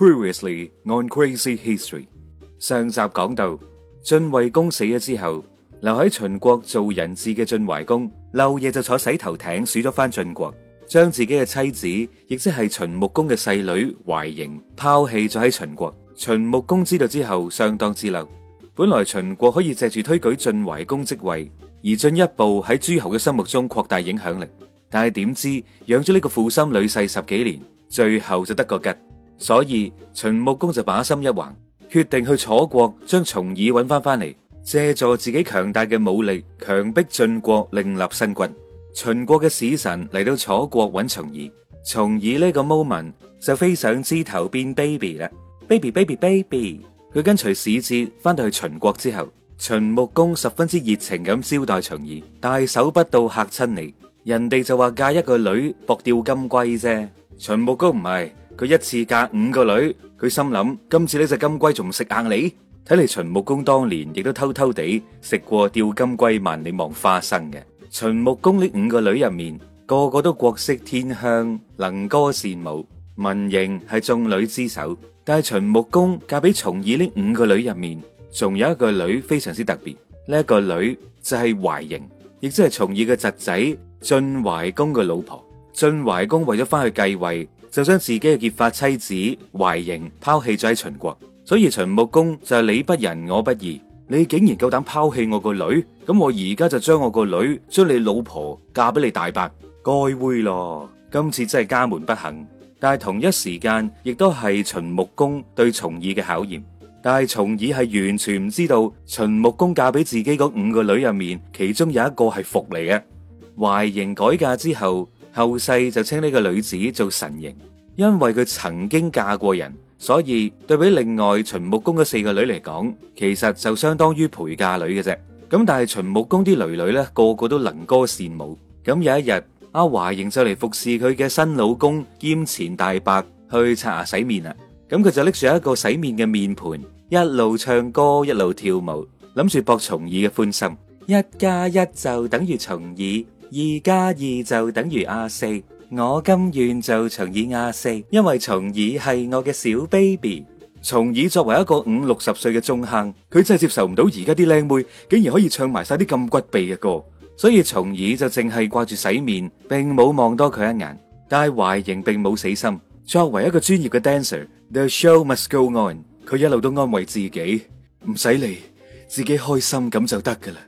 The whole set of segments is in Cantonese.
Previously on Crazy History，上集講到晉惠公死咗之後，留喺秦國做人質嘅晉懷公，漏夜就坐洗頭艇，鼠咗翻晉國，將自己嘅妻子，亦即係秦穆公嘅細女懷嬴拋棄咗喺秦國。秦穆公知道之後，相當之嬲。本來秦國可以借住推舉晉懷公職位，而進一步喺諸侯嘅心目中擴大影響力，但係點知養咗呢個負心女婿十幾年，最後就得個吉。所以秦穆公就把心一橫，決定去楚國將重耳揾翻翻嚟，借助自己強大嘅武力，強迫晉國另立新君。秦國嘅使臣嚟到楚國揾重耳，重耳呢個 moment 就飛上枝頭變 baby 啦！baby baby baby，佢跟隨使節翻到去秦國之後，秦穆公十分之熱情咁招待重耳，大手筆到嚇親你，人哋就話嫁一個女博掉金龜啫，秦穆公唔係。佢一次嫁五個女，佢心諗，今次呢隻金龜仲唔食硬你。睇嚟，秦穆公當年亦都偷偷地食過吊金龜萬里望花生嘅。秦穆公呢五個女入面，個個都國色天香，能歌善舞，文嬴係眾女之首。但係秦穆公嫁俾重耳呢五個女入面，仲有一個女非常之特別，呢一個女就係懷嬴，亦即係重耳嘅侄仔晉懷公嘅老婆。晉懷公為咗翻去繼位。就將自己嘅結髮妻子懷嬴拋棄咗喺秦國，所以秦穆公就係，你不仁我不義，你竟然夠膽拋棄我個女，咁我而家就將我個女將你老婆嫁俾你大伯，該會咯，今次真係家門不幸。但係同一時間亦都係秦穆公對重耳嘅考驗，但係重耳係完全唔知道秦穆公嫁俾自己嗰五個女入面，其中有一個係服嚟嘅，懷嬴改嫁之後。後世就稱呢個女子做神形，因為佢曾經嫁過人，所以對比另外秦穆公嘅四個女嚟講，其實就相當於陪嫁女嘅啫。咁但係秦穆公啲女女呢，個個都能歌善舞。咁有一日，阿華瑩就嚟服侍佢嘅新老公兼前大伯去刷牙洗面啦。咁佢就拎住一個洗面嘅面盤，一路唱歌一路跳舞，諗住博重耳嘅歡心。一加一就等於重耳。二加二就等於阿四，我甘願就重耳阿四，因為重耳係我嘅小 baby。重耳作為一個五六十歲嘅中坑，佢真係接受唔到而家啲靚妹竟然可以唱埋晒啲咁骨痹嘅歌，所以重耳就淨係掛住洗面，並冇望多佢一眼。但係懷嬴並冇死心，作為一個專業嘅 dancer，the show must go on，佢一路都安慰自己，唔使理，自己開心咁就得㗎喇。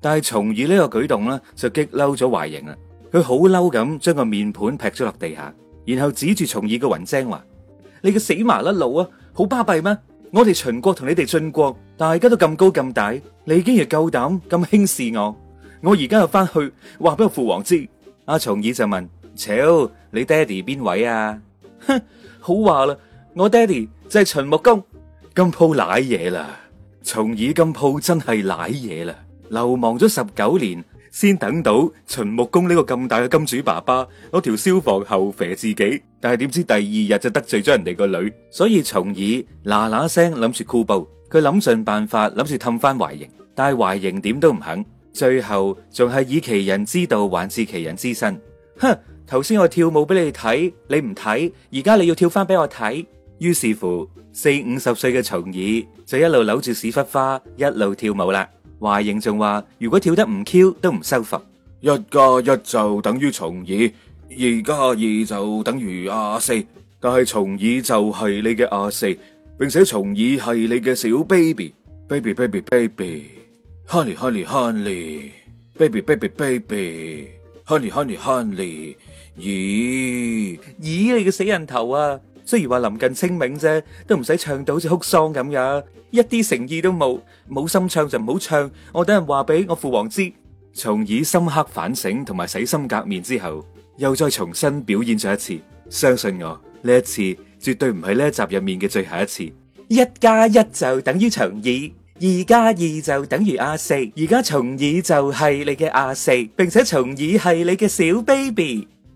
但係重耳呢個舉動咧，就激嬲咗懷嬴啦。佢好嬲咁，將個面盤劈咗落地下，然後指住重耳嘅云晶話：你個死麻甩佬啊，好巴閉咩？我哋秦國同你哋晉國，大家都咁高咁大，你竟然夠膽咁輕視我，我而家又翻去話俾我父王知。阿重耳就問：瞧你爹哋邊位啊？哼， 好話啦，我爹哋就係秦穆公，咁鋪瀨嘢啦。重耳咁鋪真係瀨嘢啦。流亡咗十九年，先等到秦穆公呢個咁大嘅金主爸爸攞條消防喉肥自己，但係點知第二日就得罪咗人哋個女，所以重耳嗱嗱聲諗住箍煲，佢諗盡辦法諗住氹翻懷嬴，但係懷嬴點都唔肯，最後仲係以其人之道還治其人之身，哼！頭先我跳舞俾你睇，你唔睇，而家你要跳翻俾我睇，於是乎四五十歲嘅重耳就一路扭住屎忽花，一路跳舞啦。華影仲話：如果跳得唔 Q 都唔收罰。一加一就等於重耳，二加二就等於阿四，但係重耳就係你嘅阿四，並且重耳係你嘅小 baby，baby baby baby，honey honey honey，baby baby baby，honey honey honey。咦咦，你嘅死人頭啊！雖然話臨近清明啫，都唔使唱到好似哭喪咁噶。一啲誠意都冇，冇心唱就唔好唱。我等人話俾我父王知。重耳深刻反省同埋洗心革面之後，又再重新表演咗一次。相信我，呢一次絕對唔係呢一集入面嘅最後一次。一加一就等於重耳，二加二就等於阿四。而家重耳就係你嘅阿四，並且重耳係你嘅小 baby。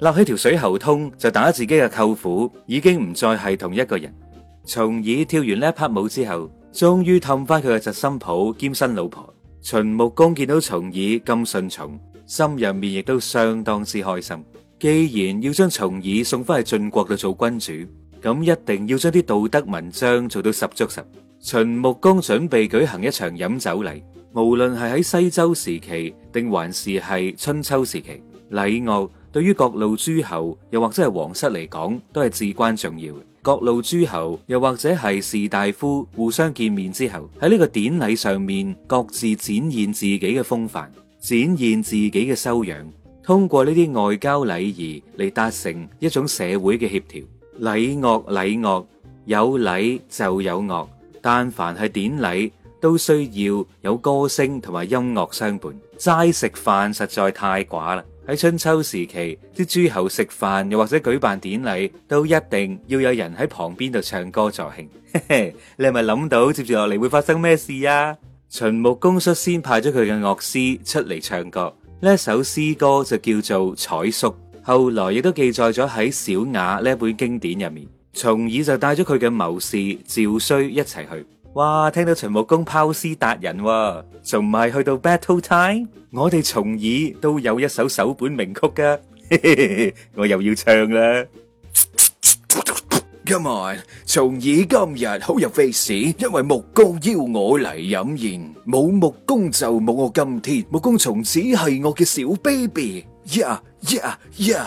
立起條水喉通就打自己嘅舅父，已經唔再係同一個人。重耳跳完呢一拍舞之後，終於氹翻佢嘅侄心抱兼新老婆。秦穆公見到重耳咁順從，心入面亦都相當之開心。既然要將重耳送翻去晉國度做君主，咁一定要將啲道德文章做到十足十。秦穆公準備舉行一場飲酒禮，無論係喺西周時期定還是係春秋時期，禮樂。對於各路諸侯又或者係皇室嚟講，都係至關重要嘅。各路諸侯又或者係士大夫互相見面之後，喺呢個典禮上面，各自展現自己嘅風範，展現自己嘅修養。通過呢啲外交禮儀嚟達成一種社會嘅協調。禮樂禮樂，有禮就有樂，但凡係典禮，都需要有歌聲同埋音樂相伴。齋食飯實在太寡啦。喺春秋時期，啲諸侯食飯又或者舉辦典禮，都一定要有人喺旁邊度唱歌助興。 你係咪諗到接住落嚟會發生咩事啊？秦穆公率先派咗佢嘅樂師出嚟唱歌，呢首詩歌就叫做《采菽》，後來亦都記載咗喺《小雅》呢本經典入面。重耳就帶咗佢嘅謀士趙衰一齊去。哇！聽到秦穆公拋屍達人，仲唔係去到 battle time？我哋重耳都有一首首本名曲㗎，我又要唱啦。Come on，重耳今日好有 face，因為穆公邀我嚟飲宴，冇穆公就冇我今天，穆公從此係我嘅小 baby，yeah yeah yeah。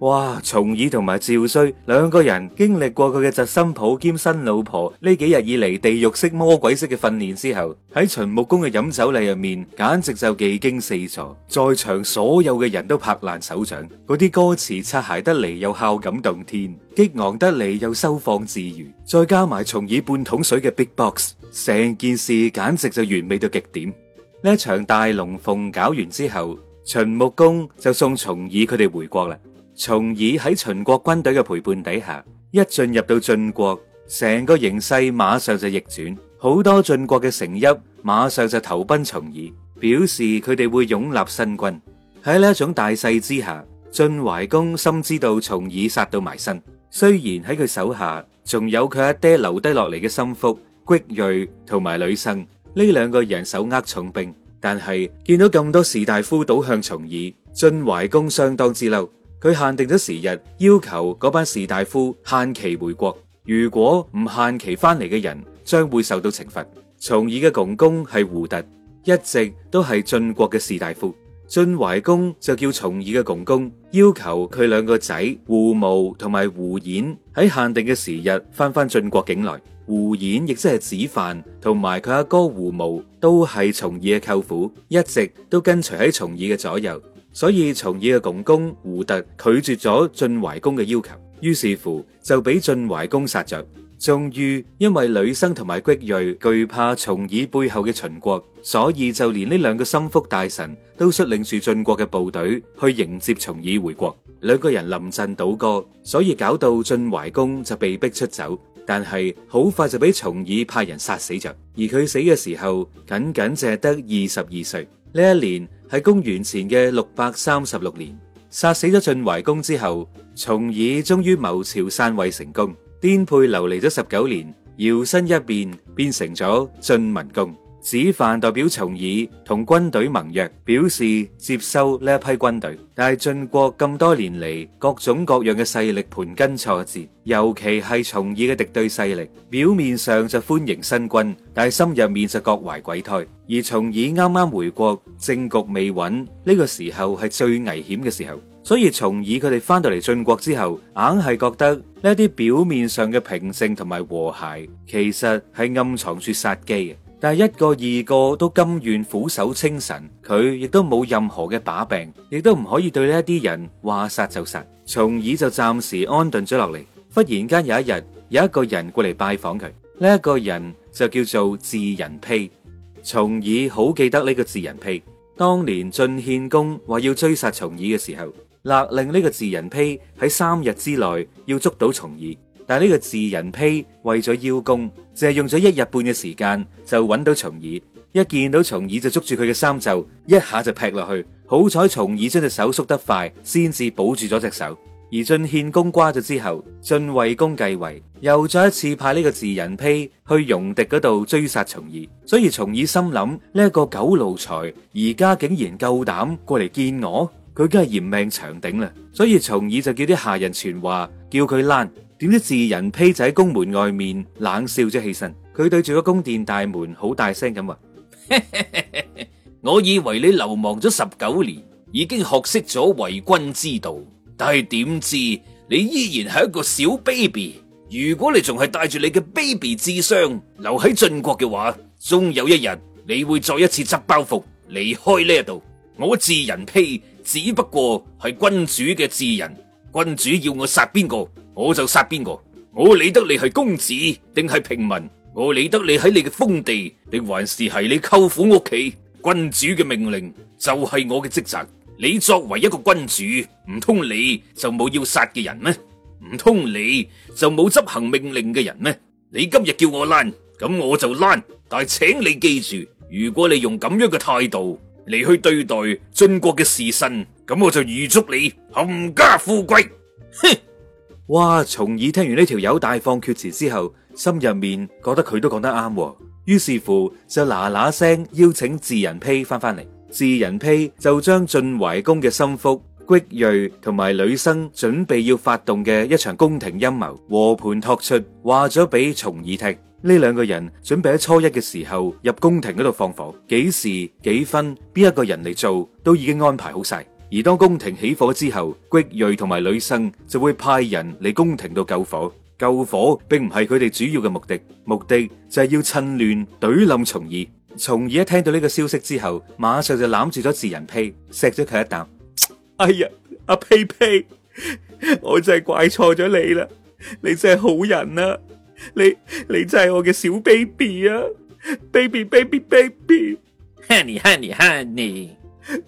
哇！重耳同埋趙衰兩個人經歷過佢嘅姪心抱兼新老婆呢幾日以嚟地獄式魔鬼式嘅訓練之後，喺秦穆公嘅飲酒禮入面，簡直就技驚四座。在場所有嘅人都拍爛手掌。嗰啲歌詞擦鞋得嚟又孝感動天，激昂得嚟又收放自如，再加埋重耳半桶水嘅 Big Box，成件事簡直就完美到極點。呢一場大龍鳳搞完之後，秦穆公就送重耳佢哋回國啦。重耳喺秦國軍隊嘅陪伴底下，一進入到晉國，成個形勢馬上就逆轉，好多晉國嘅城邑馬上就投奔重耳，表示佢哋會擁立新軍。喺呢一種大勢之下，晉懷公深知道重耳殺到埋身，雖然喺佢手下仲有佢阿爹留低落嚟嘅心腹穀芮同埋女生呢兩個人手握重兵，但係見到咁多士大夫倒向重耳，晉懷公相當之嬲。佢限定咗時日，要求嗰班士大夫限期回國。如果唔限期翻嚟嘅人，將會受到懲罰。重耳嘅公公係胡特，一直都係晉國嘅士大夫。晉懷公就叫重耳嘅公公，要求佢兩個仔胡毛同埋胡衍喺限定嘅時日翻翻晉國境內。胡衍亦即係子犯，同埋佢阿哥胡毛都係重耳嘅舅父，一直都跟隨喺重耳嘅左右。所以，重耳嘅公公胡特拒絕咗晉懷公嘅要求，於是乎就俾晉懷公殺着。終於，因為呂省同埋郤芮懼怕重耳背後嘅秦國，所以就連呢兩個心腹大臣都率領住晉國嘅部隊去迎接重耳回國。兩個人臨陣倒戈，所以搞到晉懷公就被逼出走。但係好快就俾重耳派人殺死着，而佢死嘅時候僅僅只得二十二歲。呢一年係公元前嘅六百三十六年，殺死咗晉懷公之後，重耳終於謀朝篡位成功，顛沛流離咗十九年，搖身一變變成咗晉文公。子犯代表重耳同軍隊盟約，表示接受呢一批軍隊。但係晉國咁多年嚟，各種各樣嘅勢力盤根錯節，尤其係重耳嘅敵對勢力，表面上就歡迎新軍，但係心入面就各懷鬼胎。而重耳啱啱回國，政局未穩，呢個時候係最危險嘅時候。所以重耳佢哋翻到嚟晉國之後，硬係覺得呢啲表面上嘅平靜同埋和諧，其實係暗藏住殺機嘅。但係一個二個都甘願俯首稱臣，佢亦都冇任何嘅把柄，亦都唔可以對呢一啲人話殺就殺，重耳就暫時安頓咗落嚟。忽然間有一日，有一個人過嚟拜訪佢，呢、這、一個人就叫做智仁披。重耳好記得呢個智仁披，當年晉獻公話要追殺重耳嘅時候，勒令呢個智仁披喺三日之內要捉到重耳。但係呢個寺人披為咗邀功，淨係用咗一日半嘅時間就搵到重耳。一見到重耳就捉住佢嘅衫袖，一下就劈落去。好彩重耳將隻手縮得快，先至保住咗隻手。而晉獻公瓜咗之後，晉惠公繼位，又再一次派呢個寺人披去戎狄嗰度追殺重耳。所以重耳心諗呢一個狗奴才，而家竟然夠膽過嚟見我，佢梗係嫌命長定啦。所以重耳就叫啲下人傳話，叫佢躝。點知智人披就喺宮門外面冷笑咗起身，佢對住個宮殿大門好大聲咁話：我以為你流亡咗十九年，已經學識咗為君之道，但係點知你依然係一個小 baby。如果你仲係帶住你嘅 baby 智商留喺晉國嘅話，終有一日你會再一次執包袱離開呢度。我智人披只不過係君主嘅智人，君主要我殺邊個？我就殺邊個，我理得你係公子定係平民，我理得你喺你嘅封地定還是係你舅父屋企。君主嘅命令就係我嘅職責。你作為一個君主，唔通你就冇要殺嘅人咩？唔通你就冇執行命令嘅人咩？你今日叫我攣，咁我就攣。但係請你記住，如果你用咁樣嘅態度嚟去對待晉國嘅士紳，咁我就預祝你冚家富貴。哼！哇！重耳聽完呢條友大放厥詞之後，心入面覺得佢都講得啱，哦，於是乎就嗱嗱聲邀請寺人披翻翻嚟。寺人披就將晉懷公嘅心腹郤芮同埋呂甥準備要發動嘅一場宮廷陰謀和盤托出，話咗俾重耳聽。呢兩個人準備喺初一嘅時候入宮廷，嗰度放火，幾時幾分、邊一個人嚟做都已經安排好晒。而當宮廷起火之後，郤芮同埋呂甥就會派人嚟宮廷度救火。救火並唔係佢哋主要嘅目的，目的就係要趁亂懟冧重耳。重耳一聽到呢個消息之後，馬上就攬住咗寺人披，錫咗佢一啖。哎呀，阿披披，我真係怪錯咗你啦！你真係好人啊！你你真係我嘅小 baby 啊！Baby baby baby，honey honey honey, honey。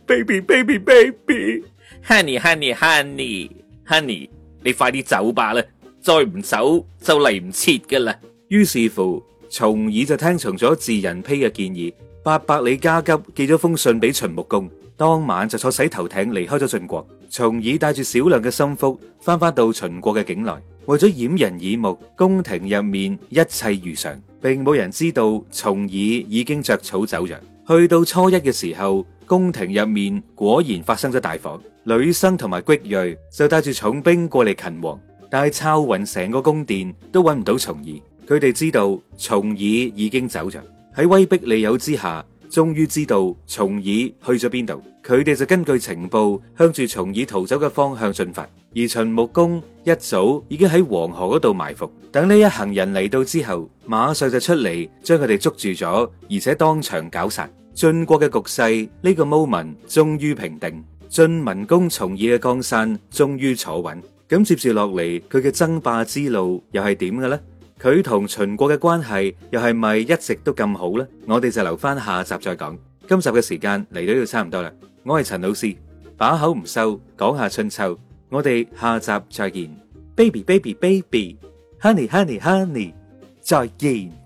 Baby, baby, baby, honey, honey, honey, honey, 你快啲走吧啦,再唔走,就嚟唔切㗎啦。於是乎,重耳就聽從咗寺人披嘅建議,八百里加急寄咗封信俾秦穆公,當晚就坐洗頭艇離開咗晉國,重耳帶住少量嘅心腹,返返到秦國嘅境內,為咗掩人耳目,宮廷入面一切如常,並冇人知道重耳已經着草走人。去到初一嘅時候，宮廷入面果然發生咗大火，女生同埋骨銳就帶住重兵過嚟擒王，但係抄勻成個宮殿都揾唔到重耳，佢哋知道重耳已經走咗，喺威逼利誘之下，終於知道重耳去咗邊度，佢哋就根據情報向住重耳逃走嘅方向進發，而秦穆公一早已經喺黃河嗰度埋伏，等呢一行人嚟到之後，馬上就出嚟將佢哋捉住咗，而且當場絞殺。晉國嘅局勢呢個 moment 終於平定，晉文公重耳嘅江山終於坐穩。咁接住落嚟，佢嘅爭霸之路又係點嘅呢？佢同秦國嘅關係又係咪一直都咁好呢？我哋就留翻下集再講。今集嘅時間嚟到呢度差唔多啦。我係陳老師，把口唔收，講下春秋。我哋下集再見，baby baby baby，honey honey honey，再見。